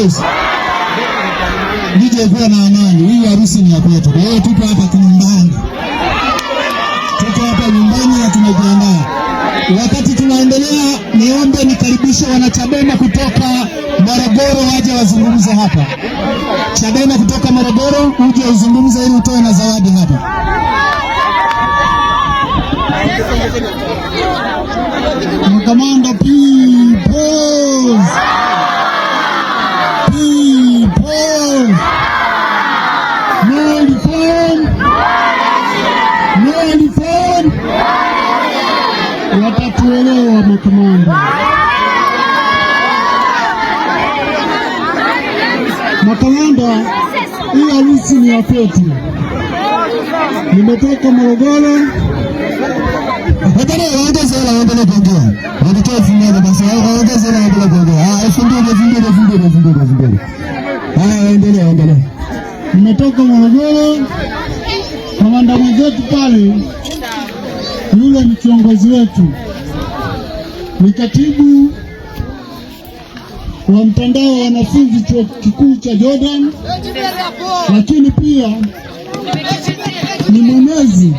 harusi nije kuwa na amani. Hii harusi ni ya kwetu, kwa hiyo tupo hapa nyumbani, tuko hapa nyumbani na tumejiandaa. Wakati tunaendelea, niombe nikaribishe wanachadema kutoka Morogoro waje wazungumze hapa. Chadema kutoka Morogoro, uje uzungumze ili utoe na zawadi. kama kamanda. Makamanda, hii harusi ni ya kwetu. Nimetoka Morogoro nimetoka Morogoro. Kamanda mwenzetu pale yule ni kiongozi wetu ni katibu wa mtandao wa wanafunzi chuo kikuu cha Jordan, lakini pia ni mwenezi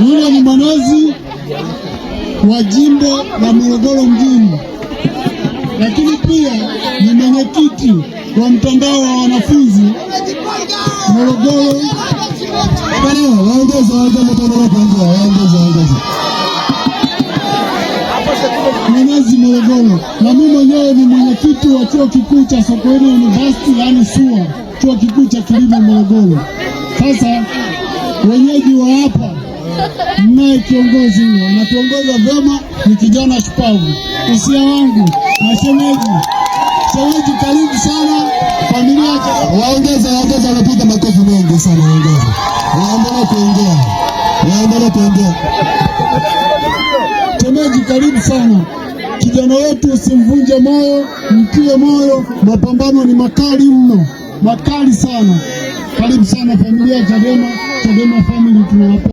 ni mwenezi wa jimbo la Morogoro mjini lakini pia ni mwenyekiti wa mtandao wa wanafunzi Morogoro. Mwenezi Morogoro, na mimi mwenyewe ni mwenyekiti wa chuo kikuu cha Sokoine University, yaani SUA, chuo kikuu cha kilimo Morogoro. Sasa wenyeji wa hapa naye kiongozi huyo anatuongoza vyema, ni kijana shupavu, usia wangu na shemeji. karibu sana familia. Waongeza, waongeza, wanapiga makofi mengi sana, waongeza, waendelee kuongea, waendelee kuongea. Shemeji, karibu sana kijana wetu, usimvunje moyo, mtie moyo, mapambano ni makali mno, makali sana. Karibu sana familia Chadema, Chadema family tunawapa